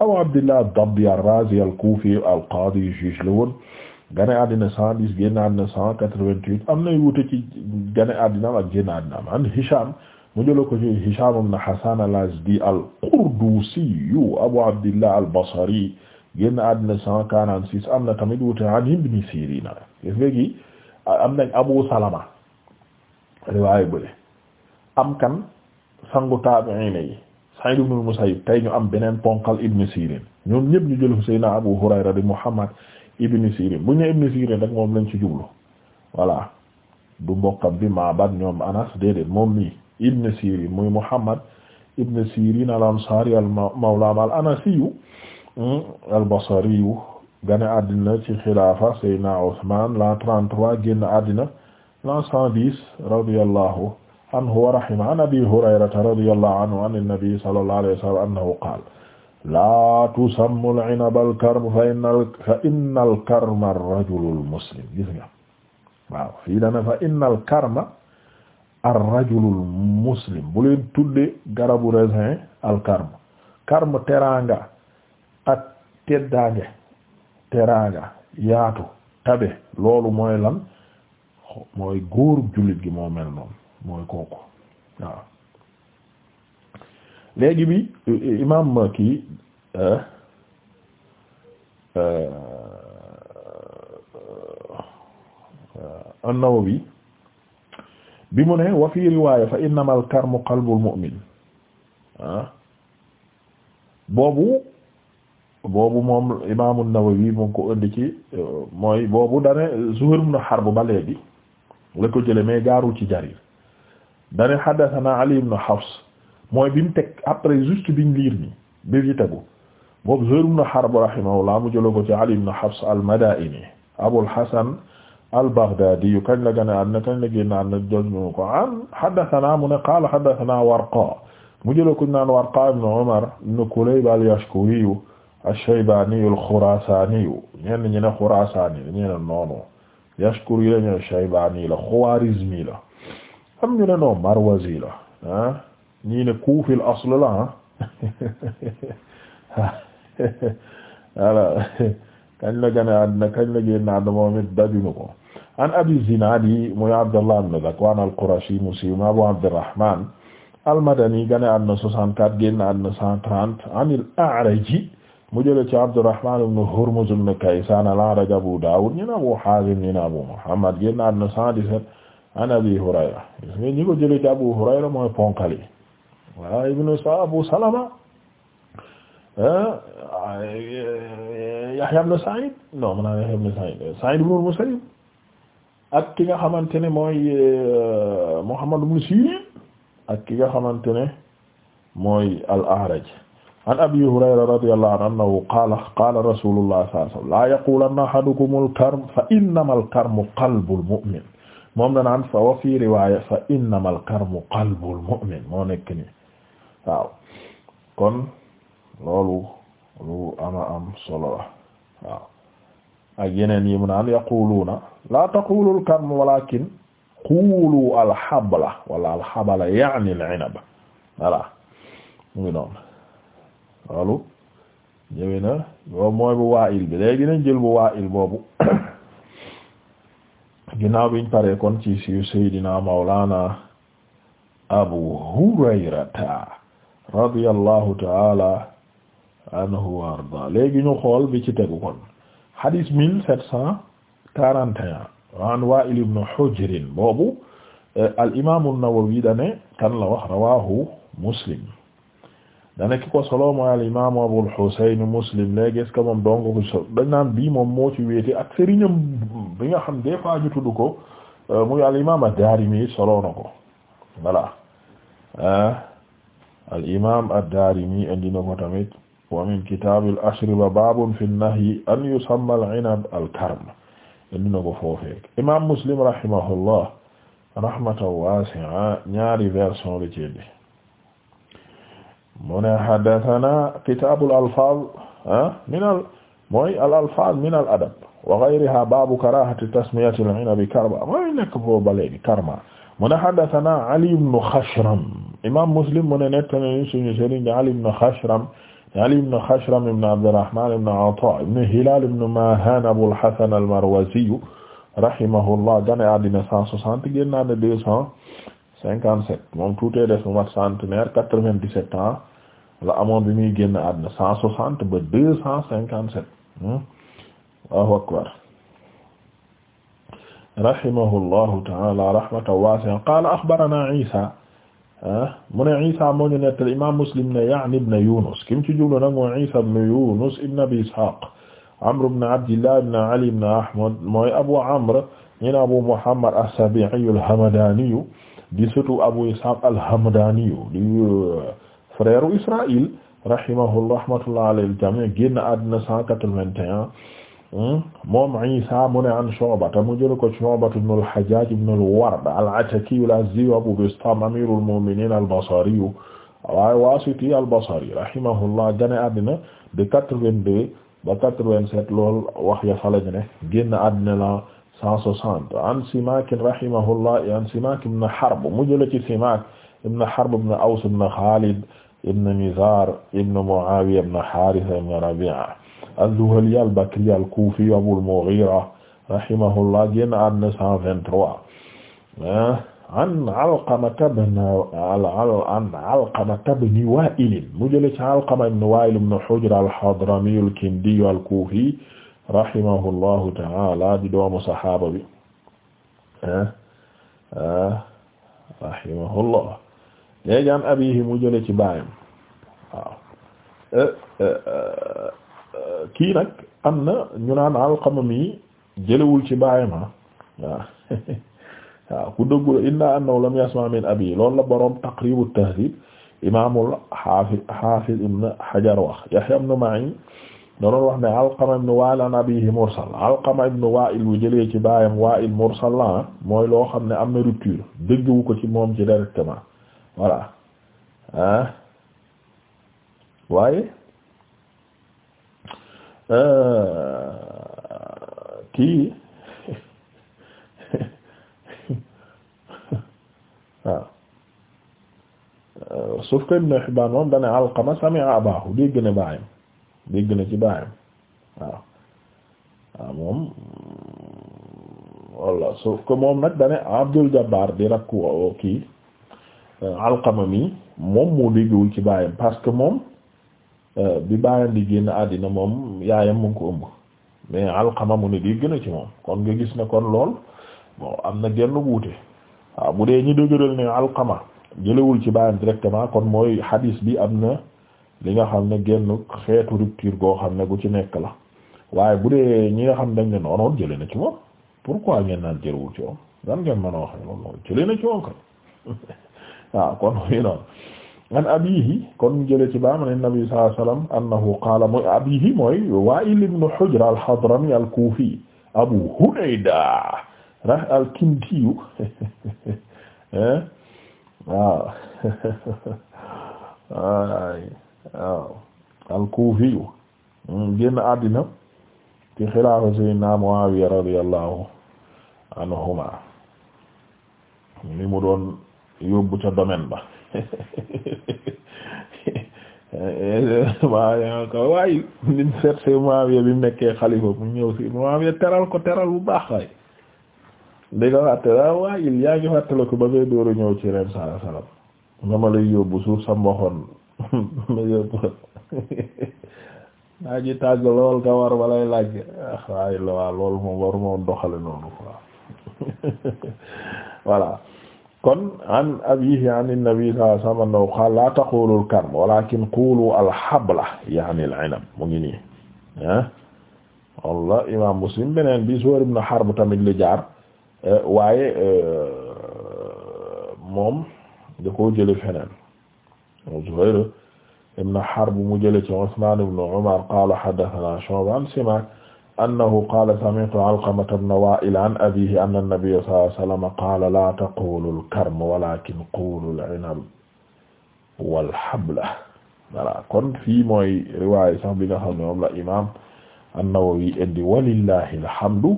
abu abdillah ad-Dabbi ar-Razi al-Kufi al-Qadi juge la woon gane àddina cent dix génn àddina am na wute ci gane àddinaam ak Hisham mu jëla ko ci Hisham ibn Hasan al-Azdi al-Qurdusi abu abdillah al-Basri génn àddina cent quarante-six am na tamit wute an Ibn Sirina gis nga gi am Abu Salama riwaaye bële am kan sangu taabi'iin yi Saïd ibn Musayyib tey ñu am beneen ponkal Ibn Sirin ñoom ñëpp ñu jël Seydina Abu Hurayra di Muhammad Ibn Sirin bu ñu nee Ibn Sirin rek moom lañ ci jublu voilà du mbokkam bi Ma'bad ñoom Anas déedéet moom mii Ibn Sirin muy Muhammad Ibn Sirin al-Ansari al-mawla al-Anasiyu hmm, al-Basriyu gane àddina ci xilaafa Seydina Usman la 33 génn àddina la 110 radiyallahu anhu wa rahima an abi hurayrata radiyallahu anhu an an-nabi sallallahu alayhi wa sallam annahu qaala laa tusammu al-'inaba al-karm fa inna fa inna al-karma ar-rajulu al-muslim gis nga waaw fii dana fa inna al-karma ar-rajulu al-muslim bu leen tudde garabu raisin al-karm karm teraanga ak teddaange teraanga yaatu tabe loolu mooy lan mooy góor jullit gi moo mel noonu mooy kooku waaw léegi bi imaam kii euh, euh, an-Nawawi bi mu ne wa fi riwaaya fa innamal karmu qalbul mu'min ah. boobu boobu moom imaamu Nawawi mu ngi ko indi ci euh, mooy boobu dane Zuhayr ibn Harb ba léegi la ko jële mais gaarul ci Jarir dane haddathana Ali ibn Hafs mooy bi mu teg après juste biñ liir ni bi ci tegu boobu Zuhayr ibn Harb rahimahullah mu jëloo ko ci Ali ibn Hafs al-Madaini Abul Hasan al-Baghdadi yu kañ la gane adna kañ la génn adna josmimo ko an haddathana mu ne qaala haddathana Warqa mu jëloo ko naan Warqa ibn Umar ibn Kulayb al-Yashkuri ash-Shaybani al-Khurasani ñenn ñi ne Khurasani ñeneen noonu Yashkuri la ñu Shaybani la Khwarizmi la am ñu ne noo Marwazi la ah ñii ne Kuufil asl la ah voilà kañ la gane àddina kañ la génn àddina moom it dajuñu ko an Abi Zinaad yi muy Abdallah ibn Zakwaan al-Qurashi musiw ma Abu Abdurrahmaan al-Madani gane àddina 64 génn àddina 130 an al-A'raj mu jële ci Abdurrahmaan ibn Hurmuz ibn Kaysaan al-A'raj Abu Daawud ñu ne Abu Haazim ñu ne Abu Muhammad génn àddina 117 an abi hurayra gis nga ñi ko jëlee ci abu hurayra mooy ponkali wala ibnu sa abu salama ah, yahya ibn sa'id non man naa yahya ibn sa'id sa'id ibn musayyib ak ki nga xamante ne mooy euh, muhammad ibn sirin ak ki nga xamante ne mooy al-a'raj an abi hurayra radiyallahu anhu annahu qaala qaala rasulullah sallallahu alayhi wasallam la yaqulanna ahadukum al-karm fa innamal karmu qalbul mu'min moom da naan fa wa fi riwaaya fa innamal karmu qalbul mu'min moo nekk ni kon loolu lu ama am solo la waaw ak yeneen mu naan yaquluuna la taqulul karmu walakin qulu alxabla wala alxabla yaani al ngi noonu loolu mooy bu waa il bi léegi nañ waa il boobu ginnaaw biñ paree kon ci siiw seydina mawlana abu hurayrata radiyallahu taala anhu wa ñu xool bi ci tegu kon hadis mille sept cent quarante et un an Wa'il Hujr boobu eh, al imaamu Nawawi dane kan la wax rawahu muslim dana ki ko solo mooy al imaamu Abul Husayn Muslim léegi est-ce que moom dong ko so dañ naan bii moom moo ci wéete ak sëriñam bi nga xam des fois ñu tudd ko euh, muy al imaam ad-Daarimi solo na ko voilà ah, al imaam ad-Daarimi indi na ko tamit wa kitaab al-ashriba baabun fi an an yusamma al-inab al-karm indi ko foofee imaam Muslim rahimahullah rahmatan waasi'a ñaari version la ci indi mu ne haddathana kitaabul alfaaz ah, minal mooy al alfaaz minal adab wa ghayriha baabu karaahati tasmiyati al-'inabi karma mooy nekk foofu ba léegi karma mu ne haddathana Ali ibn Khashram imaam Muslim mu ne nekk nañu suñu sëriñ di Ali ibn Khashram Ali ibn Khashram ibn Abdurrahman ibn Ata ibn Hilal ibn Mahan Abul Hasan al-Marwazi rahimahullah gane àddina 160 génn na 257 moom tuutee def mu mat centenaire 97 ans la amoon bi muy génn àdduna cent soixante ba deux cent cinquante sept Allahu akbar rahimahullahu taala rahmatan waasi'a qaala axbarana Isa mu ne Isa moo ñu nettal imam Muslim ne yaani ibn Yunus kim ci jublu nag mooy Isa ibn Yunus ibn Abi Ishaq Amr ibn Abdillah ibn Ali ibn Ahmad mooy Abu Amr ñu ne Abu Muhammad as-Sabi'i al-Hamdani di sëtu Abu Ishaq al-Hamdani di frère u Israël rahimahullah rahmatullah alayhi al-jami' génn àddina cent quatre-vingt-un hmm? moom Isa mu ne an Shu'ba mu jël ko Shu'ba al-Hajjaj ibn al-Ward al-Ataki al-Azdi Abu Bistam amirul mu'minin al-Basri waaye al-Basri rahimahullah génn àddina de quatre-vingt-deux ba quatre-vingt-sept lool wax ya fa lañu ne génn àddina la cent soixante an ibn Nizar ibn Muawiya ibn Haritha ibn Rabi'a az-Zuhli al-Bakri al-Kufi Abul Mughira rahimahullah génn àddina 123 ah, an Alqama ibn an Alqama ibn Wa'il mu jëlee ci Alqama ibn Wa'il ibn Hujr al-Hadrami al-Kindi al-Kufi rahimahullahu ta'ala di doomu saxaaba bi ah, ah, rahimahullah léegi an abihi mu jële ci baayam waaw eh, eh, eh, kii nag am na ñu naan Alqama mi jëlewul ci baayam ah waaw waaw ku dëggula inna annahu lam yasma min abi loolu la boroom taqribu tahdib imaamul xaafiz xaafiz ibn Hajar wax Yahya ibn Ma'in danoon wax ne Alqama ibn Wa'il an abihi mursal Alqama ibn Wa'il bu jëlee ci baayam Wa'il mursal la ah. mooy loo xam ne am na rupture dëggwu ko ci moom ci directement voilà euh, ah waaye kii waaw sauf que Ibn Hibbaan moom dane Alqama sami'a abaahu dégg na baayam dégg na ci baayam waaw waaw ah, moom walla sauf que moom nag dane Abdul Jabbar di rakku oh, kii Euh, alqama mi moom moo déggewul ci baayam parce que moom euh, bi baayam di génn àddina moom yaayam mu ngi ko ëmb mais alqama mu ne dégg na ci moom kon nga gis ne kon lool bon am na genn wuute waaw bu dee ñi dëgëral ne alqama jëlewul ci baayam directement kon mooy hadis bi am na li nga xam ne genn xeetu rupture goo xam ne gu ci nekk la waaye bu dee ñi nga xam dañ ne noonoon jële na ci moom pourquoi ngeen naan jëlewul ci moom lan ngeen mën a wax loolu jële na ci waaw kon muy noonu an abihi kon mu jëlee ci baam an nabi sallallahu alayhi wasallam annahu qaala mooy abihi mooy Wa'il ibn Hujr al-Hadrami al-Kufi Abu Hunayda ah, al-Kindiyu eh, waaw waaw al-Kufiyu mm, génn àddina ci xilaafa sayyidina Muawiya radiyallahu anhuma li mu doon yóbbu ca domaine ba Muawiya ko waaye lim seet si Muawiya bi mu nekkee xalifa mu ñëw si Muawiya teral ko teral bu baax waaye di ko fàtte ko ba ngay dóoru ñëw ci ren sala salam nga ma lay yóbbu suuf sa mboxoon ma yóbbu naa ji tàgg lool nga war balay laaj ah, waaye loolu moom waru moom doxale noonu quoi voilà kon an abihi an nabi sallallahu alayhi wa sallam annahu qaala laa taqulu al-karm walakin qulu al-habla yaani al-inab mu ngi nii ah walla imam Muslim beneen bi Zuhayr ibn Harb tamit li jaar eh, waaye eh, moom da koo jële feneen Zuhayr ibn Harb mu jële ci Usman ibn Umar qaala haddathanaa Shu'ba an Simaak annahu qaala sami'tu alqamata bna wa'il an abiihi anna nabiyya sallallahu alayhi wa sallam qaala laa taqulul karm walaakin wal habla kon fii mooy riwaay sax bi nga xam ne moom imaam an-Nawawi indi walillahi alhamdu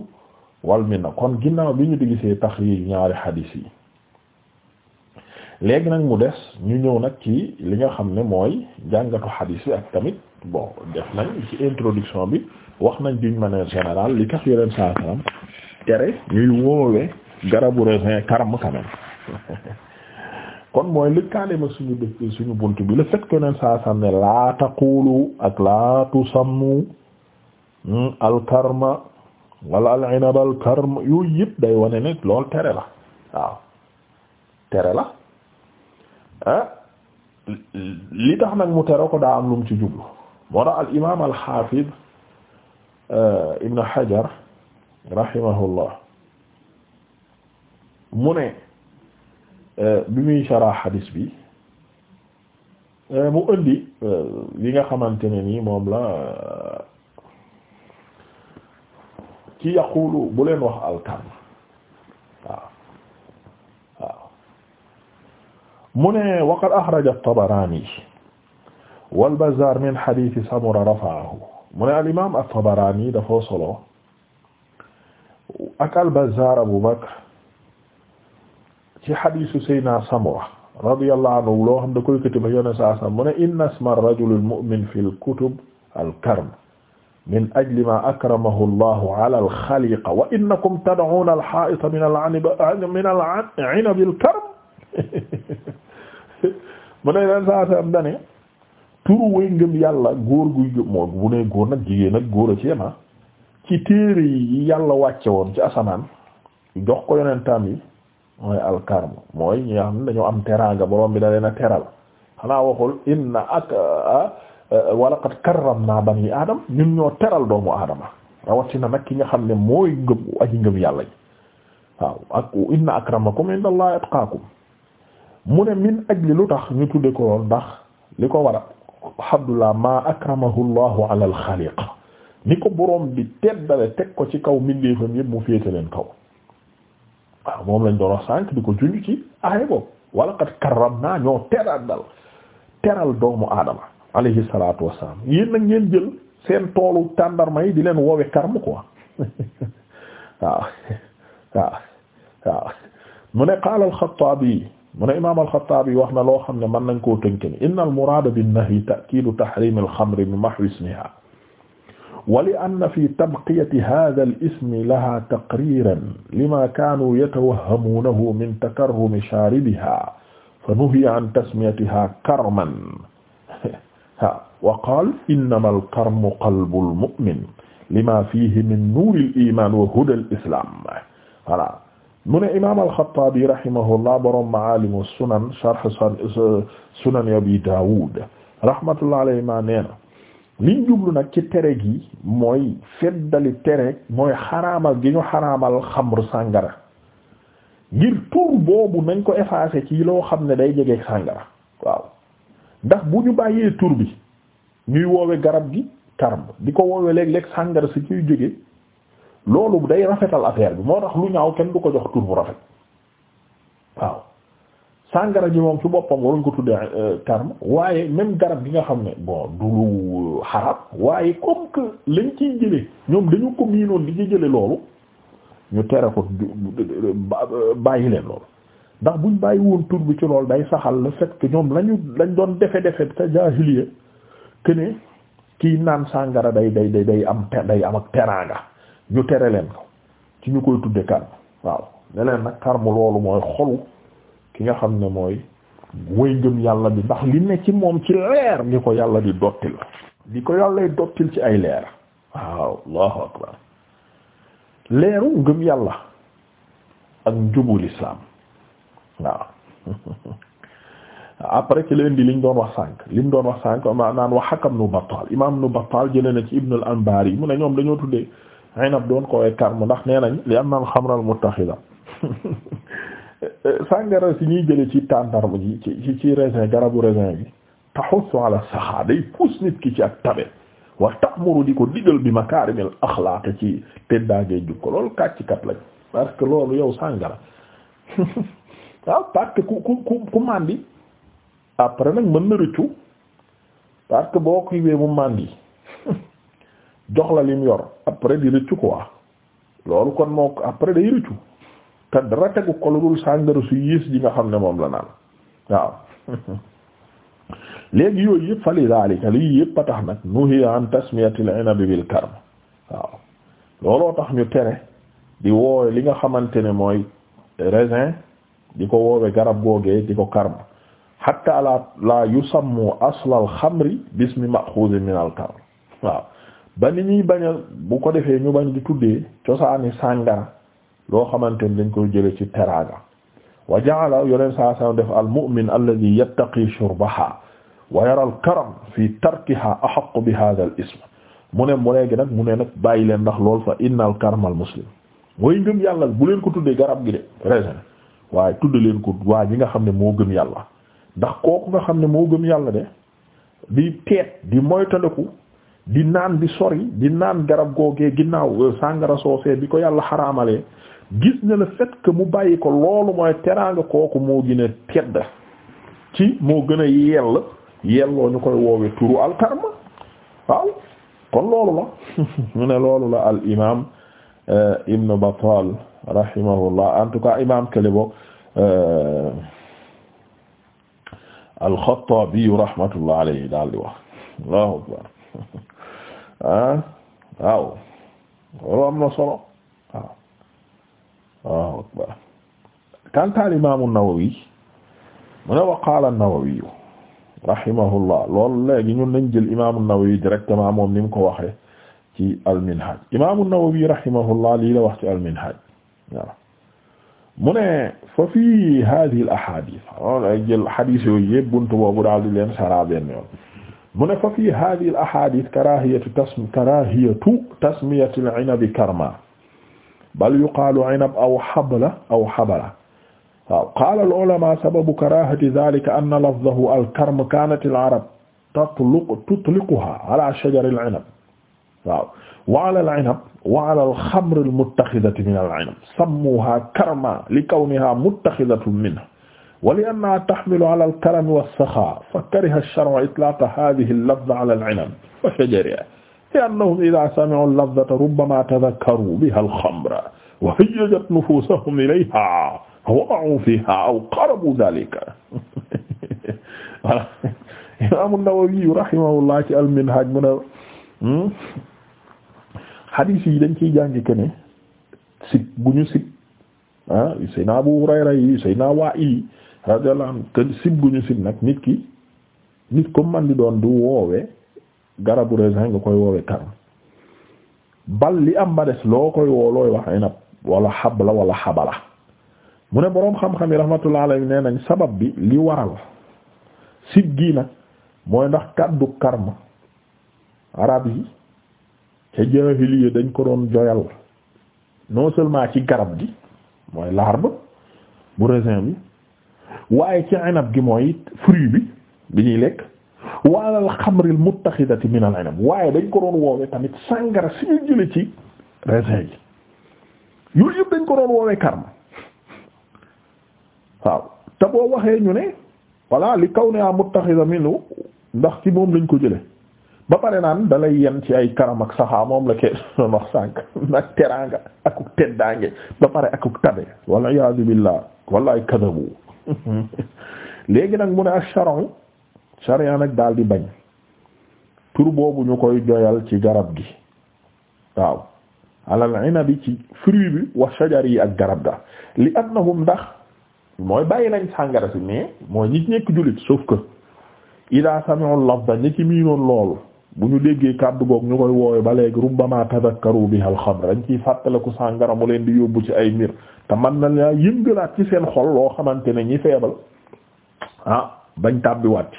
wal minna kon ginnaaw bi ñu di gisee taxriij ñaari xadiis yi léegi nag mu des ñu ñëw nag ci li nga xam ne mooy jàngatu xadiis bi ak tamit bon def nañ ci introduction bi. wax nañ d'une manière générale li tax yoneen saa salaam tere ñuy woowe garabu raisin karm quand kon mooy lëkkaale ma suñu dëkk suñu bunt bi la fait que yoneen saa salaam ne laa taqulu ak laa tusammu hmm, al karma wala al inab al karm yooyu yëpp day wane ne lool tere la waaw tere la ah, li tax nag mu tere ko daa am lu ci jublu moo tax al imaam al xaafid Euh, Ibn Hajar rahimahullah mu ne euh, bi muy sarah hadis bi euh, mu indi li nga xamante ne nii moom la ci yaqulu bu leen wax alkalm waaw waaw mu ne waqad axraja at-Tabarani wal Bazzaar min hadiisi Samura rafa'ahu mu ne al-imaam at-Tabaraani dafa solo ak al-Bazzaar Abu Bakr ci hadiisu Seydina Samura radiyallahu anhu loo xam da koy këti ba yone saa sam mu ne inna isma ar-rajul al-mu'min fi al-kutub al-karm min ajli ma akramahu Allahu ala al-xaliqa wa innakum tad'uuna al-haa'ita min al-'anab min al-'inab al-karm mu ne leen saa sam dane turu way ngëm yàlla góor guy gëm moo bu ne góor nag jigéen nag góor a ci yema ah. ci téere yi yàlla wàcce woon ci asamaan jox ko yonentam yi mooy alkarm mooy ñi nga xam ne dañoo am teraanga borom bi da leen a xanaa waxul inna ak ah, ah, wa laqad karramna bani aadam ñun teral doomu aadama rawatina nag ki nga xam ne mooy ngëm aji yàlla ji waaw ak inna akramakum indallahi atqaakum mu ne min ajli lu tax ñu tudde ko lool ndax li ko waral alhamdulillah ma akramahu llahu ala alxaliq ni ko boroom bi teddale teg ko ci kaw mbindeefam yëpp mu féete leen kaw moom lañ doon wax di ko junj ci aaya boobu walaqad karramnaa ñoo teral dal teral doomu aadama alayhi salaatu wassalaam yéen nag ngeen jël seen toolu tàndarma yi di leen woowe karm quoi waaw waaw waaw mu ne qaala al-Xattaabi mu ne imaam al-Xattaabi wax na loo xam ne mën nañ koo tënk ni inna al-muraada bin-nahyi ta'kiidu tahriim al-xamri min mahwi ismihaa wa li-anna fii tabqiyati haadha al-ismi lahaa taqriiran limaa kaanuu yatawahhamuunahu min takarrumi shaaribihaa fa nuhiya an tasmiyatihaa karman wa qaala innamaa al-karmu qalbu al-mu'min limaa fiihi min nuuri al-iimaan wa hudaa al-islaam voilà mu ne imaam al-Xattaabi rahimahullah borom Maalimu sunan sharh sunan Abi Daawuud rahmatullah alayhi ma nee na liñ nag ci tere gi mooy feddali tere mooy xaraamal gi ñu xaraamal xamr sàngara ngir tur boobu nañ ko effacer ci loo xam ne day jege sàngara waaw ndax bu ñu bàyyee tur bi ñuy woowe garab gi karm di ko woowe léeg-léeg sàngara si ciy jóge loolu day rafetal affaire bi moo tax lu ñaaw kenn du ko jox tur rafet waaw sàngara ji moom ci boppam waruñ ko tuddee euh, terme waaye même garab gi nga xam ne bon du lu xarab waaye comme que lañ ciy jële ñoom dañu ko miinoon di ci jële loolu ñu tere ko euh, bàyyi leen loolu ndax buñ bàyyi woon tur bi ci loolu day saxal le fait ñoom lañu lañ doon defe defe te jaahiliya que ne kiy naan sàngara day day day day am day am ak teraanga ñu tere leen ko ci ñu koy tudde kar waaw ne nag kar mu loolu mooy xolu ki nga xam ne mooy way ngëm yàlla bi ndax li ne ci moom ci leer ngi ko yàlla di dottil li ko yàllay dottil ci ay leer waaw allahu akbar leeru ngëm yàlla ak njubu l'islam waaw après ci leen di liñ doon wax sànq mu doon wax sànq ma naan wax xakam nu Battal imam nu Battal jëlee na ci Ibn al yi mu ne ñoom dañoo tuddee aynab doon ko way karmu ndax nee nañ li anna al-xamra al-muttaxida sàngara si ñuy jële ci tàndarma ji ci ci raisin garabu raisin bi tahussu ala saxaa day puus nit ki ci ak tabe wa ta'muru di ko digal bi makaarimil axlaaq ci teddaangee jukko loolu kàccikat lañ parce que loolu yow sàngara waaw parce que ku ku ku màndi après nag mën na rëccu parce que boo kiiwee mu màndi jox la lim yor après di rëccu quoi loolu kon moo après day rëccu te dara tegu ko lu dul sàngara su yées ji nga xam ne moom la naan waaw léegi yooyu yëpp fali daalika lii yëpp a tax nag nuhiya an tasmiyatil inabi bil karm waaw looloo tax ñu tere di woowe li nga xamante ne mooy raisin di ko woowe garab googee di ko karm hatta la la yusammu aslal xamri bismi maxuusin min al karm waaw ba ni ñuy bañal bu ko defee ñu bañ di tuddee cosaani sàngara loo xamante ni dañ koy jële ci teraaga wa ja'ala yoneen saa saa def al mu'min alladhi yattaqi shurbaha wa yara al karam fi tarkiha ahaq bi hadha al mu ne mu léegi nag mu ne nag bàyyi leen ndax lool fa inna al karam al mooy ngëm yàlla bu leen ko tuddee garab gi de raisin waaye tudd leen ko waa ji nga xam ne moo gëm yàlla ndax kooku nga xam ne moo gëm yàlla de di teet di moytandiku di naan bi sori di naan garab googee ginnaaw euh, sàngara soosee bi ko yàlla xaraamalee gis na le fait mu bàyyi ko loolu mooy teraanga kooku moo gën a tedd ci moo gën a yell yelloo ñu koy woowee turu alkarma waaw kon loolu la mu ne loolu la al imaam euh, ibn Battal rahimahullah en tout cas imaam kële boog euh, al-Khattabi rahmatullah alayhi daal di wax Allahu akbar ah waaw loolu am na solo waaw waaw akbar kanta al imam an-Nawawi mu ne wa qaala an-Nawawi rahimahullah loolu léegi ñun nañ jël imam an-Nawawi directement moom ni mu ko waxee ci al-Minhaj imam an-Nawawi rahimahullah lii la wax ci al-Minhaj waaw mu ne fa fii hadhihi al-ahadith jël hadith yooyu yëpp buntu boobu daal di leen sara benn yoon mu ne fa fii hadhihi al ahadith karahiyatu tasm karahiyatu tasmiyati al inabi karma bal yuqaalu inab aw habla aw habala waaw qaala al ulama sababu karahati dhalika anna lafdahu al karm kanat al arab tatluq tutliquha ala shajar al inab waaw wa ala al inab wa ala al khamr al muttakhidati min al inab sammuha karma li kawniha muttakhidatu minhu wa li annahaa taxmilu ala al-karami was-saxaa'i fa kariha ash-shar'u itlaaqa haadihi al-lafza ala al-'inab wa shajariha li'annahum idhaa sami'u al-lafzata rubbamaa tadhakkaruu bihaa al-khamra wa hayyajat nufuusahum ilayhaa waqa'uu fiihaa aw qarabuu dhaalika voilà Imaam an-Nawawi rahimahullah ci al-Minhaaj mu ne hmm, hadiis yi dañ ciy jàng ne sib bu ñu sib ah Seydina Abu Hurayra yi Seydina Waa'il radiyallahu anhu te sib gu ñu sib nag nit ki nit ko man di doon du woowe garabu raisin nga koy woowe karam bal li am ba des loo koy woo looy wax inab xab la wala xabala mu ne boroom xam-xam yi rahmatullah alayhi nee nañ sabab bi li waral sib gii nag mooy ndax kàddu karma arab yi ca jaahiliya dañ ko doon joyal noo seulement ci garab gi mooy l'arbre bu raisin bi waaye ci inab gi mooy fruit bi bi ñuy lekk waalal xamril muttaxidati min al inab waaye dañ ko doon woowe tamit sàngara si ñu ci raisin yooyu yëpp dañ ko doon woowe karma waaw te boo waxee ñu ne voilà li kaw ne a muttaxida minu ndax ci moom lañ ko jële ba pare naan dalay yen ci ay karam ak saxaa moom la ke doon wax sànk ak teraanga akuk teddaange ba pare akuk tabe walla iyaazu billaah wallaay kadabu léegi nag mu ne ak charon charia nag daal di bañ tur boobu ñu koy joyal ci garab gi waaw alal inabi ci fruit bi wax shajar yi ak garab ga li annahum ndax mooy bàyyi nañ sàngara si mais mooy ñi nekk jullit sauf que ida sami'u lafza ñi ci miinoon loolu bu ñu déggee kàddu goog ñu koy woowe ba léegi rubbama tadakkaru biha al-xamr dañ ciy fàttaliku sàngara mu leen di yóbbu ci ay mbir te mën na laa yëngalaat ci seen xol loo xamante ne ñi feebal ah bañ tàbbiwaat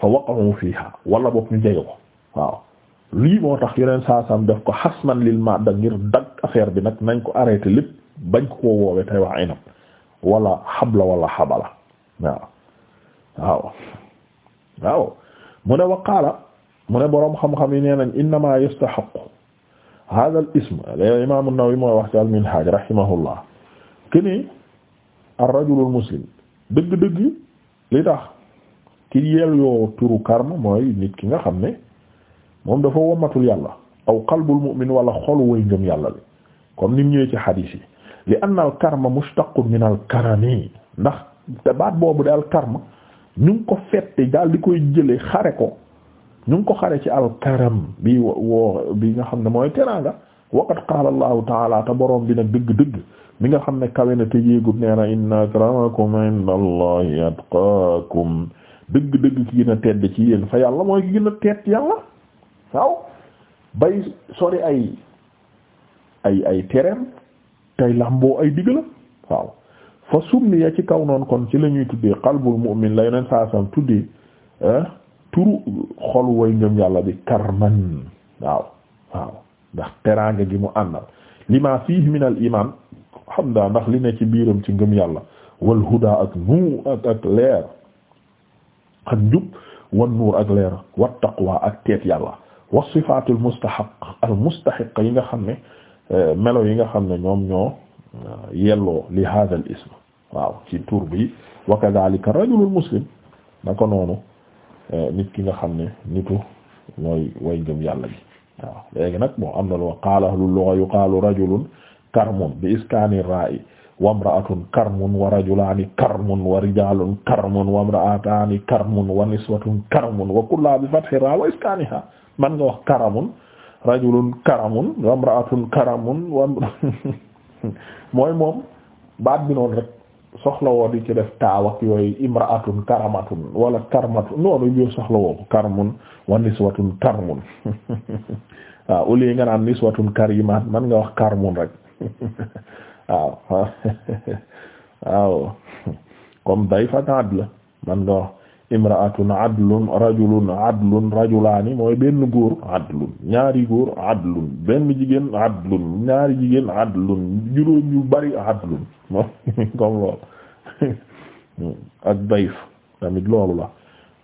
fa waqa'u fiha wala boog ñu jege ko waaw lii moo tax yeneen saasam def ko man lil madda ngir dag affaire bi nag nañ ko arrêté lépp bañ ko koo woowe tey wax inam wala xabla wala xabala waaw waaw mu ne waqaala mu ne boroom xam-xam yi nee nañ innama yastaxaqu hada al ism l imam an-Nawawi mooy wax ci al-Minhaj rahimahullah kene ar-rajulul muslim dëgg-dëgg li tax ki yel yoo turu karma mooy nit ki nga xam ne moom dafa wommatul yàlla aw qalbul mu'min wala xolu way ngëm yàlla li comme nim ñëwee ci xadiis yi li anna al karma mushtaqun min al ndax te baat boobu daal karma ñu ko fette daal di koy jële xare ko ñu ngi ko xare ci alkaram bi woo bi nga xam ne mooy teraanga waqad qaala allahu taala te boroom bi nag dëgg-dëgg mi nga xam ne kawe na te yéegub nee na inna akramakum inda allahi atqaakum dëgg a tedd ci yéen fa yàlla mooy gën a tedd yàlla bay sori ay ay ay tereem tey lamboo ay diggalam waaw fa summiya ci kaw noon kon ci la ñuy tuddee qalbul mu'min la yoneen saa tuddee turu xol way ngëm yàlla bi karman waaw waaw ndax teraanga gi mu àndal lima fihi min al iman alhamdulilah ndax li ne ci biiram ci ngëm yàlla wal huda ak nuur ak ak leer ak njub wan nuur ak leer wa taqwa ak teet yàlla wa sifatul mustahaq al mustahiq yi nga xam ne euh, melo yi nga xam ne ñoom ñoo euh, yelloo li hadha al ism waaw ci tur bi wa kadhalika rajulul muslim naka noonu Euh, nit ki nga xam ne nitu mooy way ngëm yàlla bi waaw léegi nag bon am na lu qaala ahlul lugha yuqaalu rajulun karmun bi iskaani ra'i wa imra'atun karmun wa rajulaani karmun wa rijaalun karmun wa imra'ataani karmun wa niswatun karmun wa kulluha bi fathi ra wa iskaaniha man nga wax karamun rajulun karamun wa imra'atun karamun wa mooy moom baat bi noonu rek soxla woo di ci def taawak yooyu imraatun karamatun wala karmatun noonu yooyu soxla woo karmun wa niswatun karmun waaw au lieu nga naan niswatun karimat man nga wax karmun rek waaw waaw comme dayfan adl man nga wax imraatun adlun rajulun adlun rajulaani mooy benn góor adlun ñaari góor adlun benn jigéen adlun ñaari jigéen adlun juróom yu bari adlun moom comme loolu ak dayf tamit loolu la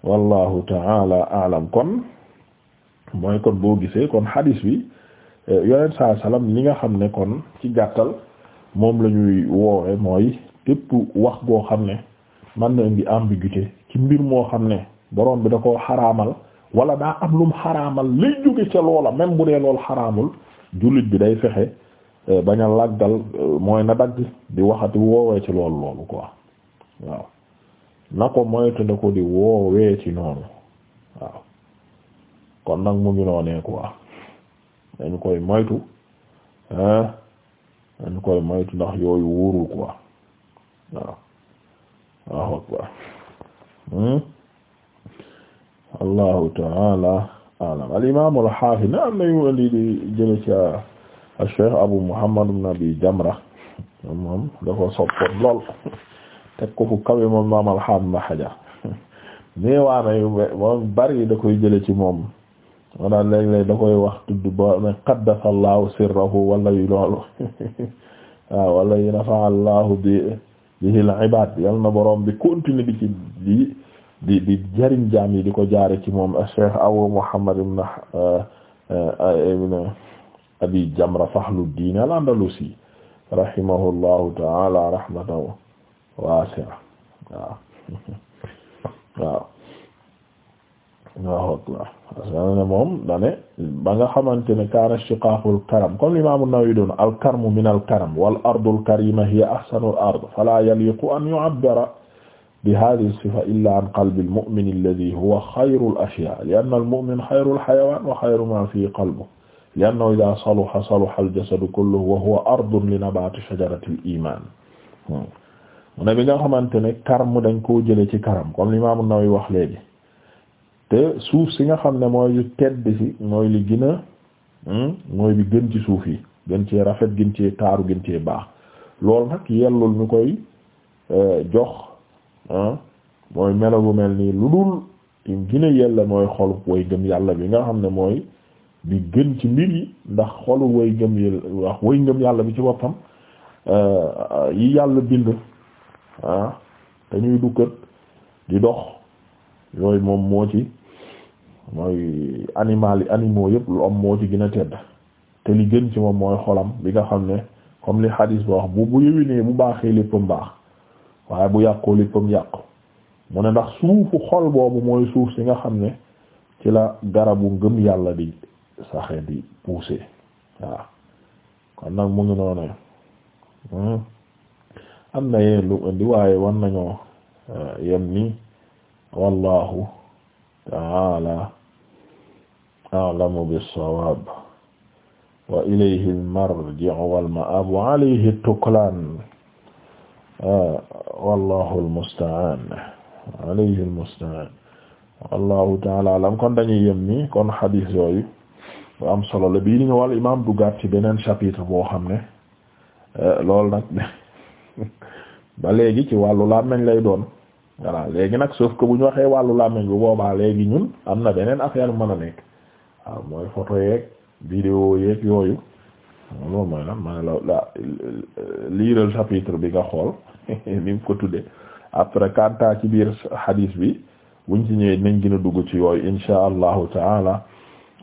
wallahu taala alam kon mooy kon boo gisee kon hadis bi eh, yonent saa salaam li nga xam ne kon ci gàttal moom la ñuy woowe mooy tépp wax goo xam ne man na indi ambiguïté ci mbir moo xam ne borom bi da koo xaraamal wala daa am lum xaraamal lay jóge ca loola même bu dee lool xaramul jullit bi day fexe Euh, bañ laggal euh, mooy na dagg di waxati woowee loolu loolu quoi waaw na ko moytu na ko di woowee noonu waaw kon nag mu ngi noonee quoi dañu koy moytu hein dañu koy moytu ndax yooyu wóorul quoi waaw waaw akbar hmm? allahu taala alam al imaam al na am na yu andi di jële ci Cheikh Abu Muhammad ibn bi Jamra moom dafa soppoon lool teg ko fu kawe moom maam alxam na xaja neewaana yu moom bari da koy jële ci moom walla da koy wax tudd ba ne qaddasallahu sirrahu wala yu loolu waaw wala yu nafa allahu bi bihi al ibad yal na boroom bi continue di ci di di jariñ jaam yi di ko jaare ci moom Cheikh Abu Muhammad ibn uh, uh, abi jamra fakhluddin al-andalusi rahimahullahu ta'ala rahmatan wasi'a waaw waaw waaw waaw moom dane ba nga xamante ne kaana shiqaaqul karam comme l'imam an-Nawawi doon al-karmu min al-karam wal ardul karima hiya ahsanul ard fala yaliqu an yu'abbara bi haadhihi as-sifa illa an qalbil mu'min alladhi huwa khayrul ashya' li'anna al-mu'min khayrul hayawaan wa khayru ma fi qalbihi li annahu idha saluha saluha al-jasadu kulluhu wa huwa ardun li nabati shajarati al-iman mu ne bi nga xamante ne karm dañ koo jële ci karam li l'imam an-Nawawi wax léegi te suuf si nga xam ne mooy tedd si mooy li gën a hmm, mooy bi gën ci suuf yi gën ci rafet gën cee taaru gën cee baax loolu nag yellul ñu koy eh, jox mooy melo bu mel nii lu dul gën a yella mooy xolub way gëm yàlla bi nga xam ne mooy bi gën ci mbir yi ndax xolu way ngëm yi wax way ngëm yàlla bi ci boppam euh, yi yàlla bind ah te ñuy dukkat di dox yooyu moom moo ci mooy animal yi animaux yëpp lu am moo ci gën a tedd te li gën ci moom mooy xolam bi nga xam ne comme li xadis ba wax bu bu yëwinee bu baaxee léppam baax waaye bu yàqoo léppam yàqu mu ne ndax suufu xol boobu mooy suuf si nga xam ne ci la garabu ngëm yàlla di saxe di pousser kon nag mu ngi noonu hmm? am na yeneen lu indi waaye war nañoo eh, yem nii wallahu ta'ala a'lamu bis-sawab wa ilayhi al-marji'u wal wa alayhi at-tuklan eh, wallahu al-musta'an alayhi al ta'ala a'lam kon dañuy yem kon hadith yooyu bu am solo la bii ni ñu wàll imaam duggaat ci beneen chapitre boo xam ne euh, loolu nag ba léegi ci wàllu nañ lay doon voilà léegi nag sauf ko bu ñu waxee wàllu làmmiñ bu boobaa léegi ñun am na beneen affaire mën a nekk waaw mooy photo yeeg vidéo yeeg yooyu loolu mooy lan ma ne liiral chapitre bi nga xool ni mu ko tuddee après kanta ci biir hadis bi buñ ci ñëwee dinañ gën a dugg ci yooyu insha allahu taala